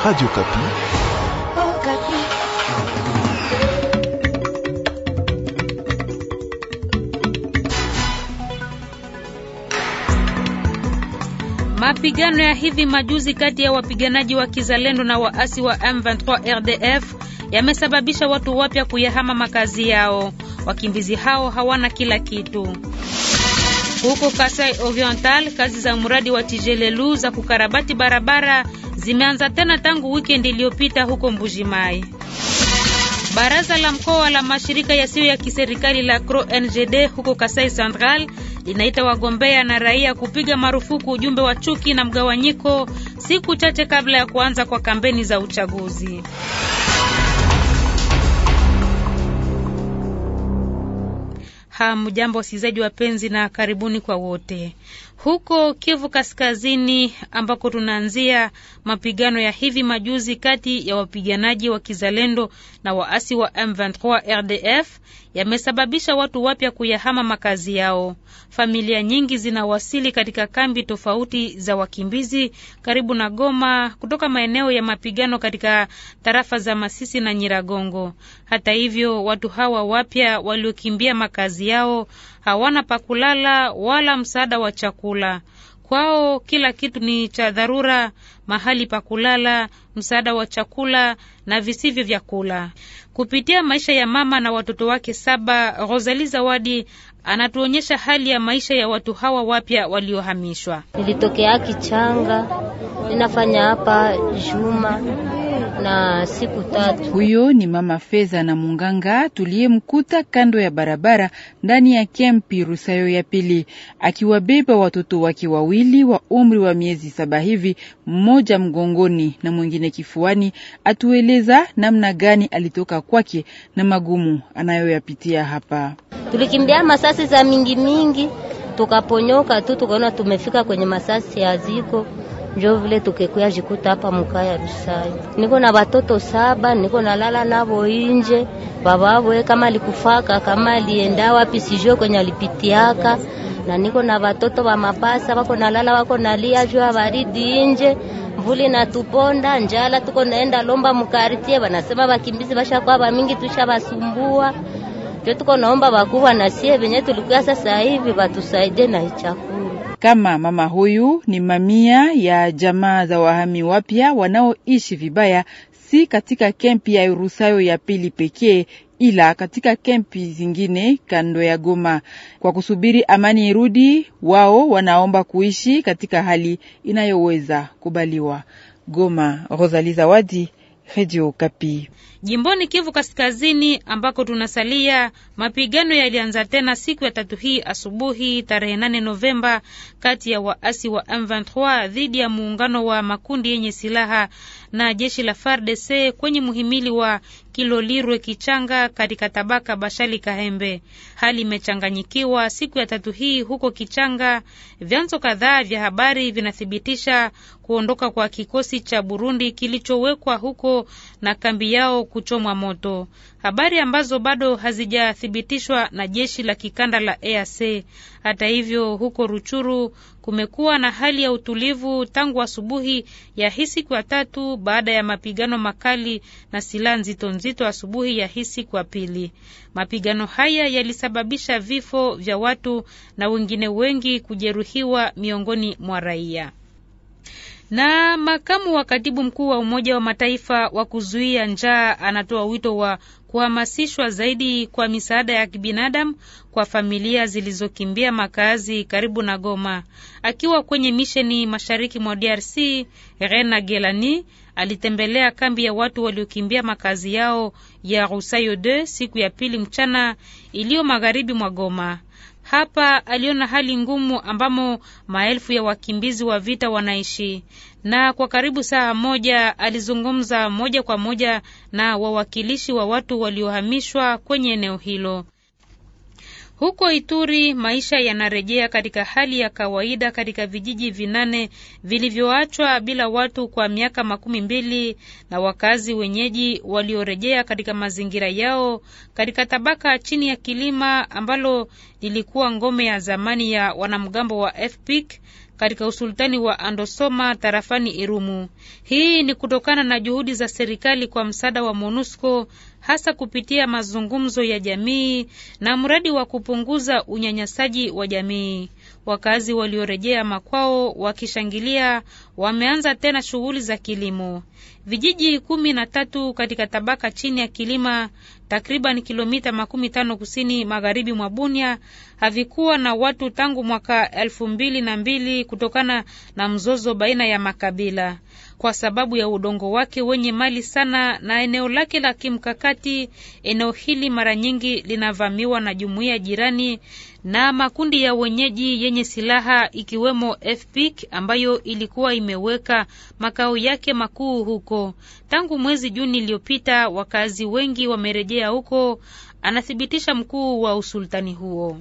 Radio Kapi. Oh, Kapi. Mapigano ya hivi majuzi kati ya wapiganaji wa Kizalendo na waasi wa M23 RDF yamesababisha watu wapya kuyahama makazi yao. Wakimbizi hao hawana kila kitu. Huko Kasai Oriental, kazi za mradi wa Tijelelu za kukarabati barabara zimeanza tena tangu wikendi iliyopita huko Mbujimai. Baraza la mkoa la mashirika yasiyo ya kiserikali la CRO NGD huko Kasai Central linaita wagombea na raia kupiga marufuku ujumbe wa chuki na mgawanyiko siku chache kabla ya kuanza kwa kampeni za uchaguzi. Hamjambo wasikilizaji wapenzi, na karibuni kwa wote. Huko Kivu Kaskazini ambako tunaanzia, mapigano ya hivi majuzi kati ya wapiganaji wa kizalendo na waasi wa M23 RDF yamesababisha watu wapya kuyahama makazi yao familia nyingi zinawasili katika kambi tofauti za wakimbizi karibu na Goma kutoka maeneo ya mapigano katika tarafa za Masisi na Nyiragongo. Hata hivyo, watu hawa wapya waliokimbia makazi yao hawana pa kulala wala msaada wa chakula. Kwao kila kitu ni cha dharura: mahali pa kulala, msaada wa chakula na visivyo vyakula Kupitia maisha ya mama na watoto wake saba, Rosali Zawadi Anatuonyesha hali ya maisha ya watu hawa wapya waliohamishwa. Nilitokea Kichanga, ninafanya hapa Juma na siku tatu. Huyo ni mama Feza na Munganga tuliyemkuta kando ya barabara ndani ya kempi Rusayo ya pili akiwabeba watoto wake wawili wa umri wa miezi saba hivi, mmoja mgongoni na mwingine kifuani, atueleza namna gani alitoka kwake na magumu anayoyapitia hapa. Tulikimbia masasi za mingi mingi, tukaponyoka tu tukaona tumefika kwenye masasi ya ziko njo vile tukekuya jikuta hapa mukaya Rusai. Niko na batoto saba, niko nalala nabo inje, bababwe kama alikufaka kama alienda wapi sijue kwenye alipitiaka na niko na watoto wa mabasa wako nalala wako nalia juu baridi nje, mvuli natuponda njala, tuko naenda lomba mukaritie, wanasema bakimbizi bashakuwa ba mingi, tushabasumbua njo tuko naomba bakubwa na sie venye tulikuwa sasa hivi batusaidie na ichakula kama mama huyu ni mamia ya jamaa za wahami wapya wanaoishi vibaya, si katika kempi ya Rusayo ya pili pekee ila katika kempi zingine kando ya Goma. Kwa kusubiri amani irudi, wao wanaomba kuishi katika hali inayoweza kubaliwa. Goma, rosali Zawadi, Redio Kapi. Jimboni Kivu Kaskazini ambako tunasalia, mapigano yalianza tena siku ya tatu hii asubuhi tarehe 8 Novemba kati ya waasi wa M23 dhidi ya muungano wa makundi yenye silaha na jeshi la FARDC kwenye muhimili wa Kilolirwe Kichanga katika tabaka Bashali Kahembe. Hali imechanganyikiwa siku ya tatu hii huko Kichanga. Vyanzo kadhaa vya habari vinathibitisha kuondoka kwa kikosi cha Burundi kilichowekwa huko na kambi yao kuchomwa moto, habari ambazo bado hazijathibitishwa na jeshi la kikanda la EAC. Hata hivyo, huko Ruchuru kumekuwa na hali ya utulivu tangu asubuhi ya hii siku ya tatu baada ya mapigano makali na silaha nzito nzito asubuhi ya hii siku ya pili. Mapigano haya yalisababisha vifo vya watu na wengine wengi kujeruhiwa miongoni mwa raia. Na makamu wa katibu mkuu wa Umoja wa Mataifa wa kuzuia njaa anatoa wito wa kuhamasishwa zaidi kwa misaada ya kibinadamu kwa familia zilizokimbia makazi karibu na Goma. Akiwa kwenye misheni mashariki mwa DRC, Rena Gelani alitembelea kambi ya watu waliokimbia makazi yao ya Rusayo de siku ya pili mchana iliyo magharibi mwa Goma. Hapa aliona hali ngumu ambamo maelfu ya wakimbizi wa vita wanaishi, na kwa karibu saa moja alizungumza moja kwa moja na wawakilishi wa watu waliohamishwa kwenye eneo hilo. Huko Ituri maisha yanarejea katika hali ya kawaida katika vijiji vinane vilivyoachwa bila watu kwa miaka makumi mbili na wakazi wenyeji waliorejea katika mazingira yao katika tabaka chini ya kilima ambalo lilikuwa ngome ya zamani ya wanamgambo wa FPIC katika usultani wa Andosoma tarafani Irumu. Hii ni kutokana na juhudi za serikali kwa msaada wa MONUSCO hasa kupitia mazungumzo ya jamii na mradi wa kupunguza unyanyasaji wa jamii wakazi waliorejea makwao wakishangilia, wameanza tena shughuli za kilimo. Vijiji kumi na tatu katika tabaka chini ya kilima takriban kilomita makumi tano kusini magharibi mwa Bunia havikuwa na watu tangu mwaka elfu mbili na mbili kutokana na mzozo baina ya makabila kwa sababu ya udongo wake wenye mali sana na eneo lake la kimkakati. Eneo hili mara nyingi linavamiwa na jumuiya jirani na makundi ya wenyeji yenye silaha ikiwemo FPIC ambayo ilikuwa imeweka makao yake makuu huko. Tangu mwezi Juni iliyopita, wakazi wengi wamerejea huko, anathibitisha mkuu wa usultani huo.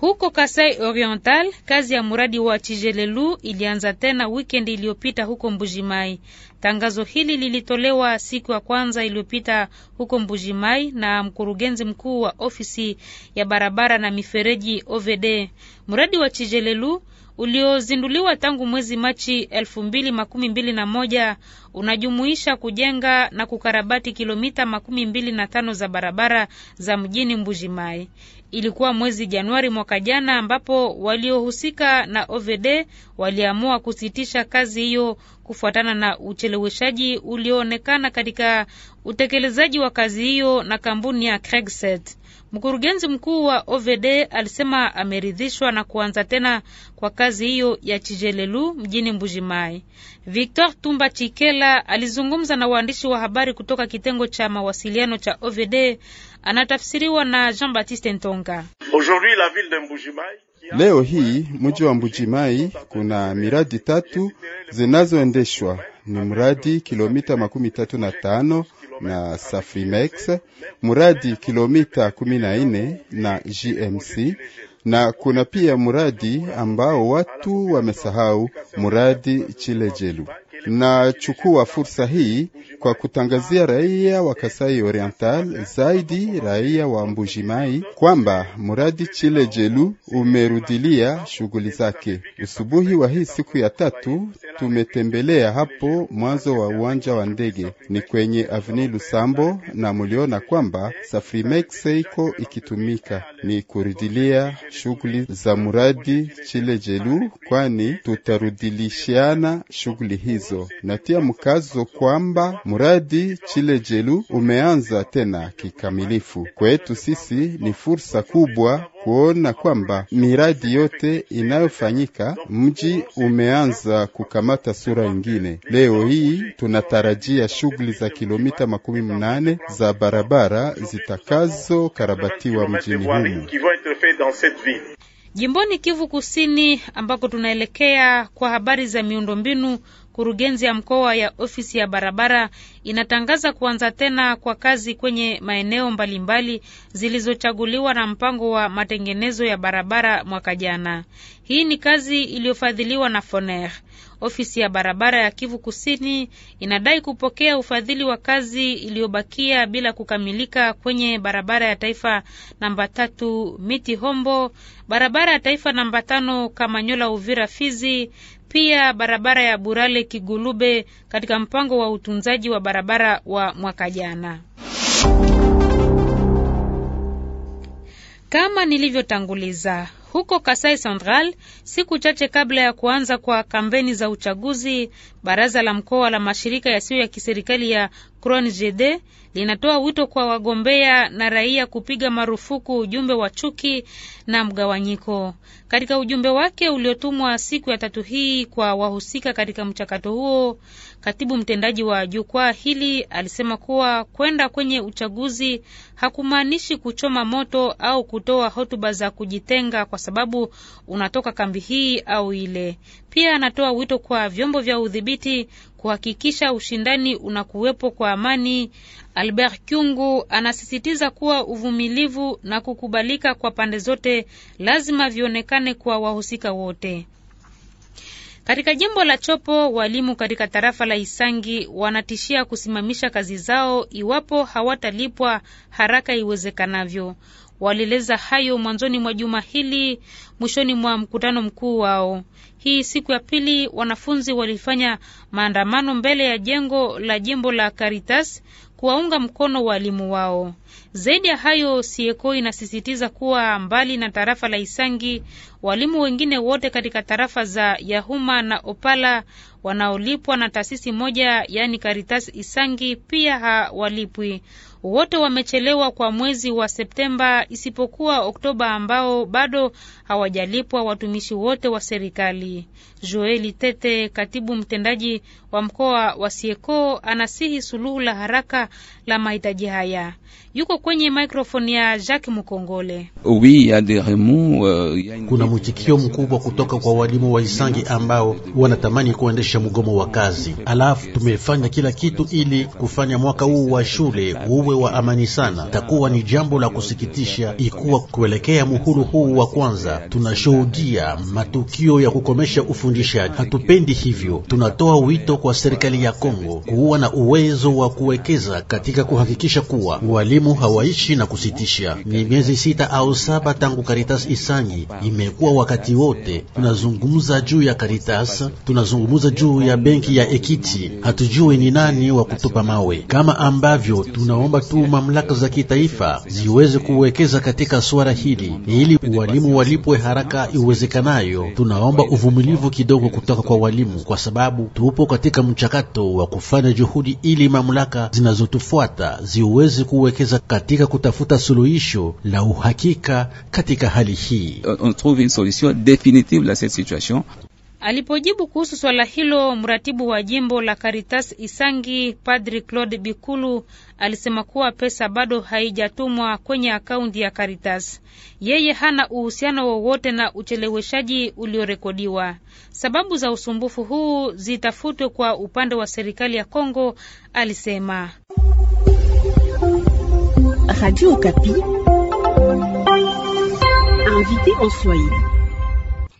Huko Kasai Oriental, kazi ya mradi wa Chijelelu ilianza tena wikendi iliyopita huko Mbujimai. Tangazo hili lilitolewa siku ya kwanza iliyopita huko Mbujimai na mkurugenzi mkuu wa ofisi ya barabara na mifereji OVD. Mradi wa Chijelelu uliozinduliwa tangu mwezi Machi elfu mbili makumi mbili na moja unajumuisha kujenga na kukarabati kilomita makumi mbili na tano za barabara za mjini Mbujimai. Ilikuwa mwezi Januari mwaka jana ambapo waliohusika na OVD waliamua kusitisha kazi hiyo kufuatana na ucheleweshaji ulioonekana katika utekelezaji wa kazi hiyo na kampuni ya Craigset. Mkurugenzi mkuu wa OVD alisema ameridhishwa na kuanza tena kwa kazi hiyo ya Chijelelu mjini Mbujimai. Victor Tumba Chikela alizungumza na waandishi wa habari kutoka kitengo cha mawasiliano cha OVD, anatafsiriwa na Jean Baptiste Ntonga. Leo hii mji wa Mbujimai kuna miradi tatu zinazoendeshwa, ni mradi kilomita makumi tatu na tano na Safimex, muradi kilomita 14 na na GMC, na kuna pia muradi ambao watu wamesahau, muradi Chilejelu. Nachukua fursa hii kwa kutangazia raia wa Kasai Oriental, zaidi raia wa Mbujimai, kwamba mradi Chile Jelu umerudilia shughuli zake. Usubuhi wa hii siku ya tatu tumetembelea hapo mwanzo wa uwanja wa ndege, ni kwenye Avni Lusambo, na muliona kwamba Safrimex seiko ikitumika ni kurudilia shughuli za mradi Chile Jelu, kwani tutarudilishiana shughuli hizi hizo. Natia mkazo kwamba mradi Chilejelu umeanza tena kikamilifu. Kwetu sisi ni fursa kubwa kuona kwamba miradi yote inayofanyika mji umeanza kukamata sura ingine Leo hii tunatarajia shughuli za kilomita makumi mnane za barabara zitakazokarabatiwa mjini humu Jimboni Kivu Kusini ambako tunaelekea kwa habari za miundombinu kurugenzi ya mkoa ya ofisi ya barabara inatangaza kuanza tena kwa kazi kwenye maeneo mbalimbali zilizochaguliwa na mpango wa matengenezo ya barabara mwaka jana. Hii ni kazi iliyofadhiliwa na FONER ofisi ya barabara ya Kivu Kusini inadai kupokea ufadhili wa kazi iliyobakia bila kukamilika kwenye barabara ya taifa namba tatu Miti Hombo, barabara ya taifa namba tano Kamanyola Uvira Fizi, pia barabara ya Burale Kigulube katika mpango wa utunzaji wa barabara wa mwaka jana. Kama nilivyotanguliza huko Kasai Central, siku chache kabla ya kuanza kwa kampeni za uchaguzi, baraza la mkoa la mashirika yasiyo ya kiserikali ya CRONGD linatoa wito kwa wagombea na raia kupiga marufuku ujumbe wa chuki na mgawanyiko. Katika ujumbe wake uliotumwa siku ya tatu hii kwa wahusika katika mchakato huo, Katibu mtendaji wa jukwaa hili alisema kuwa kwenda kwenye uchaguzi hakumaanishi kuchoma moto au kutoa hotuba za kujitenga kwa sababu unatoka kambi hii au ile. Pia anatoa wito kwa vyombo vya udhibiti kuhakikisha ushindani unakuwepo kwa amani. Albert Kyungu anasisitiza kuwa uvumilivu na kukubalika kwa pande zote lazima vionekane kwa wahusika wote. Katika jimbo la Chopo, walimu katika tarafa la Isangi wanatishia kusimamisha kazi zao iwapo hawatalipwa haraka iwezekanavyo. Walieleza hayo mwanzoni mwa juma hili mwishoni mwa mkutano mkuu wao. Hii siku ya pili, wanafunzi walifanya maandamano mbele ya jengo la jimbo la Caritas kuwaunga mkono waalimu wao. Zaidi ya hayo, Sieko inasisitiza kuwa mbali na tarafa la Isangi, walimu wengine wote katika tarafa za Yahuma na Opala wanaolipwa na taasisi moja, yaani karitas Isangi, pia hawalipwi. Wote wamechelewa kwa mwezi wa Septemba isipokuwa Oktoba, ambao bado hawajalipwa watumishi wote wa serikali. Joeli Tete, katibu mtendaji wa mkoa wa Sieko, anasihi suluhu la haraka la mahitaji haya. Yuko kwenye mikrofoni ya Jacques Mukongole. Euh, Kuna mwitikio mkubwa kutoka kwa walimu wa Isangi ambao wanatamani kuendesha mgomo wa kazi, alafu tumefanya kila kitu ili kufanya mwaka huu wa shule uwe wa amani sana. Takuwa ni jambo la kusikitisha ikuwa kuelekea muhulu huu wa kwanza tunashuhudia matukio ya kukomesha ufu ufundishaji. Hatupendi hivyo. Tunatoa wito kwa serikali ya Kongo kuwa na uwezo wa kuwekeza katika kuhakikisha kuwa walimu hawaishi na kusitisha. Ni miezi sita au saba tangu Karitas Isangi imekuwa, wakati wote tunazungumza juu ya Karitas, tunazungumza juu ya benki ya Ekiti. Hatujui ni nani wa kutupa mawe, kama ambavyo tunaomba tu mamlaka za kitaifa ziweze kuwekeza katika swala hili ili walimu walipwe haraka iwezekanayo. Tunaomba uvumilivu kidogo kutoka kwa walimu, kwa sababu tupo katika mchakato wa kufanya juhudi ili mamlaka zinazotufuata ziweze kuwekeza katika kutafuta suluhisho la uhakika katika hali hii. On trouve une solution definitive la cette situation. Alipojibu kuhusu swala hilo, mratibu wa jimbo la Caritas Isangi, Padri Claude Bikulu, alisema kuwa pesa bado haijatumwa kwenye akaunti ya Caritas. Yeye hana uhusiano wowote na ucheleweshaji uliorekodiwa. Sababu za usumbufu huu zitafutwe kwa upande wa serikali ya Kongo, alisema. Radio Okapi, en Swahili.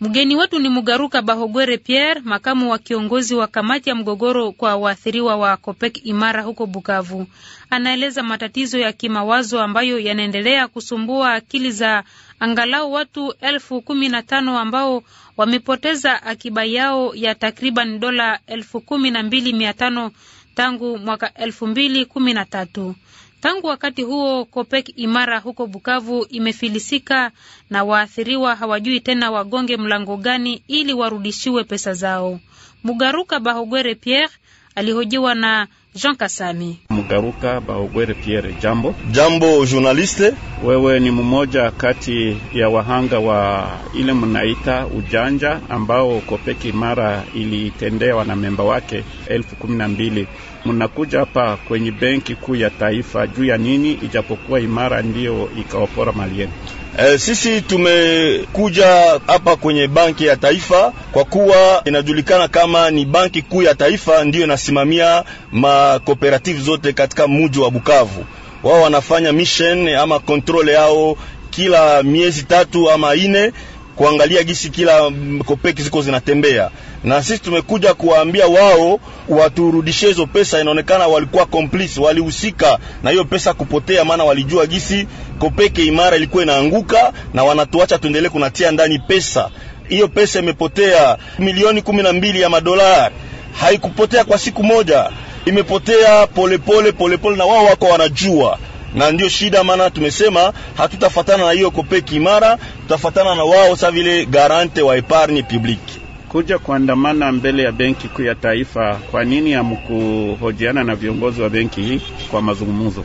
Mgeni wetu ni Mugaruka Bahogwere Pierre, makamu wa kiongozi wa kamati ya mgogoro kwa waathiriwa wa Kopek Imara huko Bukavu. Anaeleza matatizo ya kimawazo ambayo yanaendelea kusumbua akili za angalau watu elfu kumi na tano ambao wamepoteza akiba yao ya takriban dola elfu kumi na mbili mia tano tangu mwaka elfu mbili kumi na tatu. Tangu wakati huo Kopek Imara huko Bukavu imefilisika na waathiriwa hawajui tena wagonge mlango gani ili warudishiwe pesa zao. Mugaruka Bahogwere Pierre alihojiwa na Jean Kasami. Mugaruka Baogwere Pierre, jambo. Jambo journaliste. Wewe ni mmoja kati ya wahanga wa ile mnaita ujanja ambao Kopeki Mara ilitendewa na memba wake elfu kumi na mbili mnakuja hapa kwenye benki kuu ya taifa juu ya nini, ijapokuwa imara ndiyo ikawapora mali yenu? E, sisi tumekuja hapa kwenye banki ya taifa kwa kuwa inajulikana kama ni banki kuu ya taifa, ndiyo inasimamia makooperative zote katika muji wa Bukavu. Wao wanafanya mission ama kontrole yao kila miezi tatu ama ine kuangalia gisi kila kopeki ziko zinatembea, na sisi tumekuja kuwaambia wao waturudishie hizo pesa. Inaonekana walikuwa complice, walihusika na hiyo pesa kupotea, maana walijua gisi kopeke imara ilikuwa inaanguka, na wanatuacha tuendelee kunatia ndani pesa. Hiyo pesa imepotea milioni kumi na mbili ya madolari, haikupotea kwa siku moja, imepotea polepole polepole pole, na wao wako wanajua na ndio shida, maana tumesema hatutafatana na hiyo kope kimara, tutafatana na wao sa vile garante wa epargne publique. Kuja kuandamana mbele ya benki kuu ya taifa, kwa nini hamkuhojiana na viongozi wa benki hii kwa mazungumzo?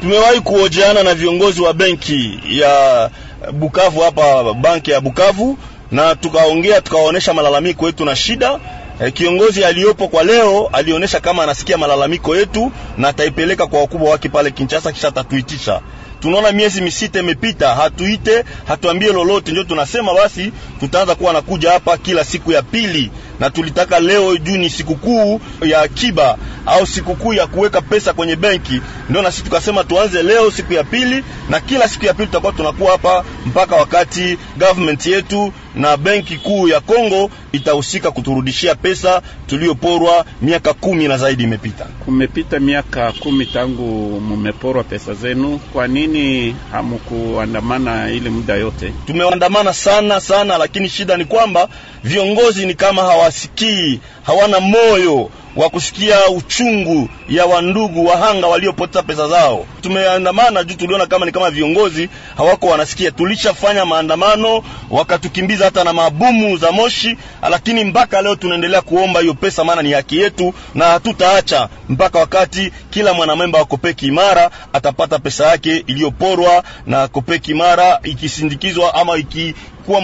Tumewahi kuhojiana na viongozi wa benki ya Bukavu hapa, banki ya Bukavu, na tukaongea tukawaonesha malalamiko yetu na shida E, kiongozi aliyopo kwa leo alionyesha kama anasikia malalamiko yetu na ataipeleka kwa wakubwa wake pale Kinshasa, kisha tatuitisha. Tunaona miezi misita imepita, hatuite hatuambie lolote, ndio tunasema basi tutaanza kuwa nakuja hapa kila siku ya pili, na tulitaka leo juu ni sikukuu ya akiba au sikukuu ya kuweka pesa kwenye benki, ndio na sisi tukasema tuanze leo siku ya pili, na kila siku ya pili tutakuwa tunakuwa hapa mpaka wakati government yetu na benki kuu ya Kongo itahusika kuturudishia pesa tuliyoporwa miaka kumi na zaidi imepita. Kumepita miaka kumi tangu mumeporwa pesa zenu, kwa nini hamukuandamana ile muda yote? Tumeandamana sana sana, lakini shida ni kwamba viongozi ni kama hawasikii, hawana moyo wa kusikia uchungu ya wandugu wahanga waliopoteza pesa zao. Tumeandamana juu tuliona kama ni kama viongozi hawako wanasikia. Tulishafanya maandamano, wakatukimbiza tumemaliza hata na mabomu za moshi, lakini mpaka leo tunaendelea kuomba hiyo pesa, maana ni haki yetu na hatutaacha mpaka wakati kila mwanamemba Kopeki imara atapata pesa yake iliyoporwa na kopeki imara ikisindikizwa ama ikikuwa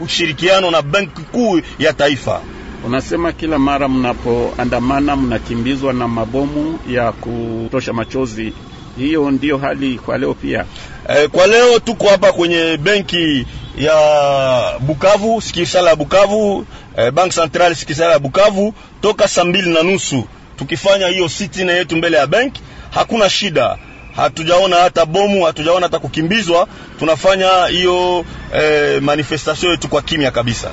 ushirikiano na benki kuu ya taifa. Unasema kila mara mnapoandamana mnakimbizwa na mabomu ya kutosha machozi. Hiyo ndiyo hali kwa leo pia. E, kwa leo tuko hapa kwenye benki ya Bukavu, sikisala ya Bukavu, eh, Bank Central sikisala ya Bukavu, toka saa mbili na nusu tukifanya hiyo sitine yetu mbele ya bank, hakuna shida hatujaona hata bomu, hatujaona hata kukimbizwa. Tunafanya hiyo eh, manifestation yetu kwa kimya kabisa.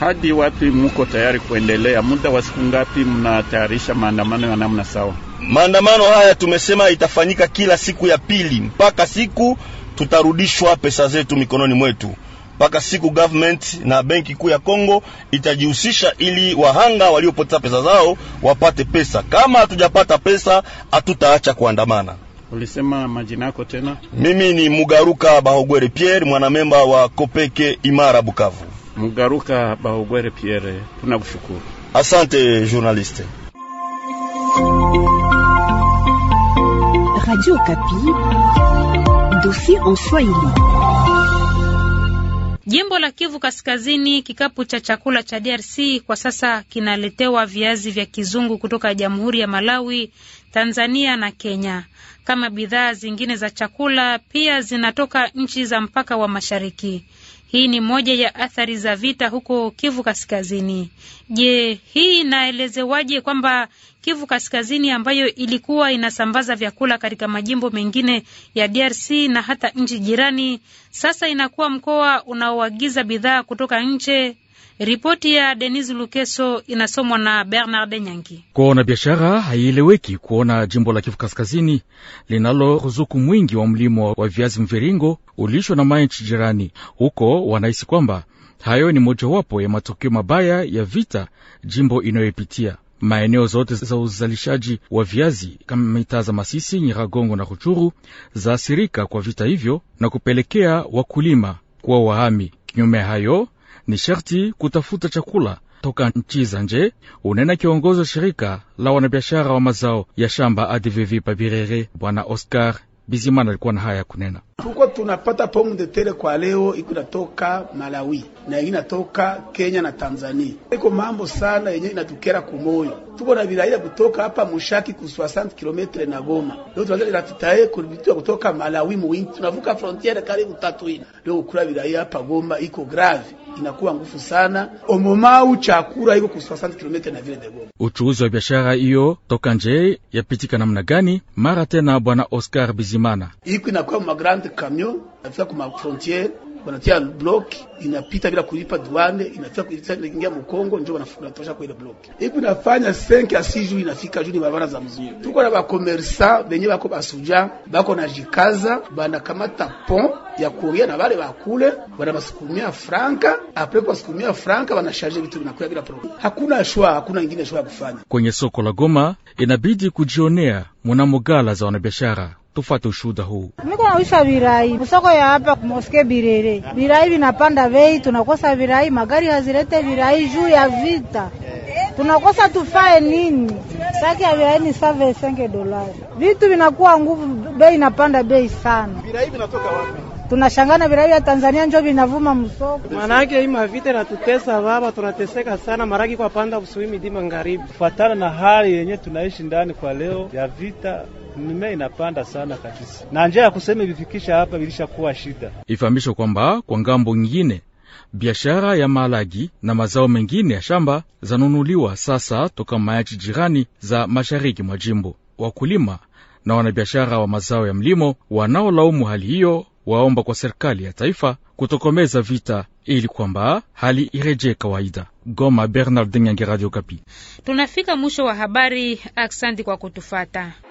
Hadi wapi muko tayari kuendelea? Muda wa siku ngapi mnatayarisha maandamano ya namna sawa? Maandamano haya tumesema itafanyika kila siku ya pili mpaka siku tutarudishwa pesa zetu mikononi mwetu mpaka siku government na benki kuu ya Kongo itajihusisha ili wahanga waliopoteza pesa zao wapate pesa. Kama hatujapata pesa, hatutaacha kuandamana. Ulisema majina yako tena? Mimi ni Mugaruka Bahogwere Pierre, mwanamemba wa Kopeke Imara Bukavu. Mugaruka Bahogwere Pierre, tunakushukuru. Asante journaliste. Radio Kapi, dossier en Swahili. Jimbo la Kivu Kaskazini, kikapu cha chakula cha DRC kwa sasa kinaletewa viazi vya kizungu kutoka Jamhuri ya Malawi, Tanzania na Kenya. Kama bidhaa zingine za chakula, pia zinatoka nchi za mpaka wa mashariki. Hii ni moja ya athari za vita huko Kivu Kaskazini. Je, hii inaelezewaje kwamba Kivu Kaskazini ambayo ilikuwa inasambaza vyakula katika majimbo mengine ya DRC na hata nchi jirani, sasa inakuwa mkoa unaoagiza bidhaa kutoka nje Ripoti ya Denis Lukeso inasomwa na Bernard Nyangi. Kwa wanabiashara, haieleweki kuona jimbo la Kivu Kaskazini linalo ruzuku mwingi wa mlimo wa viazi mviringo ulishwa na manchi jirani. Huko wanahisi kwamba hayo ni mojawapo ya matokeo mabaya ya vita jimbo inayoipitia maeneo zote za uzalishaji wa viazi kama mitaa za Masisi, Nyiragongo na Ruchuru zaasirika kwa vita hivyo na kupelekea wakulima kuwa wahami. Kinyume hayo ni sharti kutafuta chakula toka nchi za nje, unena kiongozi wa shirika la wanabiashara wa mazao ya shamba ADVV Pabirere, Bwana Oscar Bizimana alikuwa na haya ya kunena. Tuko tunapata pomme de terre kwa leo iko inatoka Malawi na inatoka Kenya na Tanzania. Iko mambo sana yenyewe inatukera kumoyo. Tuko na bilaila kutoka hapa Mushaki ku 60 km na Goma. Leo tunazali na tutaye kubitua kutoka Malawi muwingi. Tunavuka frontiere karibu tatu ina. Leo kula bilaila hapa Goma iko grave inakuwa ngufu sana omomau chakura iko ku 60 km na vile de Goma. Uchuuzi wa biashara hiyo toka nje yapitika namna gani? Mara tena bwana Oscar Bizimana, iko inakuwa ma grand camion afika kuma frontiere wanatia block inapita bila kulipa duane, inafika kuingia mu Kongo, ndio kwa ile block ipo nafanya 5 ya 6 inafika juu barabara za mzuri. Tuko na ba commerçant benye bako basuja bako na jikaza bana kamata pont ya kuongea na wale wakule wana wanabasukumia franka apre kwa sukumia franka wana sharje vitu na kuyagira problem. Hakuna shwa, hakuna ingine shwa ya kufanya kwenye soko la Goma, inabidi kujionea mwanamo gala za wanabiashara. Tufate ushuda huu. Niko nawisha virai msoko ya hapa moske Birere, virai vinapanda bei, tunakosa virai, magari hazilete virai juu ya vita, tunakosa tufae nini? Saki ya virai ni save senge dolari, vitu vinakuwa nguvu, bei inapanda bei sana. Virai vinatoka wapi? tunashangana virahi ya Tanzania njo vinavuma msoko, manake hii mavita natutesa baba, tunateseka sana maraki kwa panda usui midima ngaribu, kufatana na hali yenye tunaishi ndani kwa leo ya vita mimea inapanda sana kabisa, na njia ya kusema vifikisha hapa vilishakuwa shida. Ifahamisho kwamba kwa ngambo nyingine biashara ya maalagi na mazao mengine ya shamba zanunuliwa sasa toka mayachi jirani za mashariki mwa jimbo. Wakulima na wanabiashara wa mazao ya mlimo wanaolaumu hali hiyo waomba kwa serikali ya taifa kutokomeza vita ili kwamba hali irejee kawaida. Goma, Bernard Nyange, Radio Kapi. Tunafika mwisho wa habari. aksandi kwa kutufata.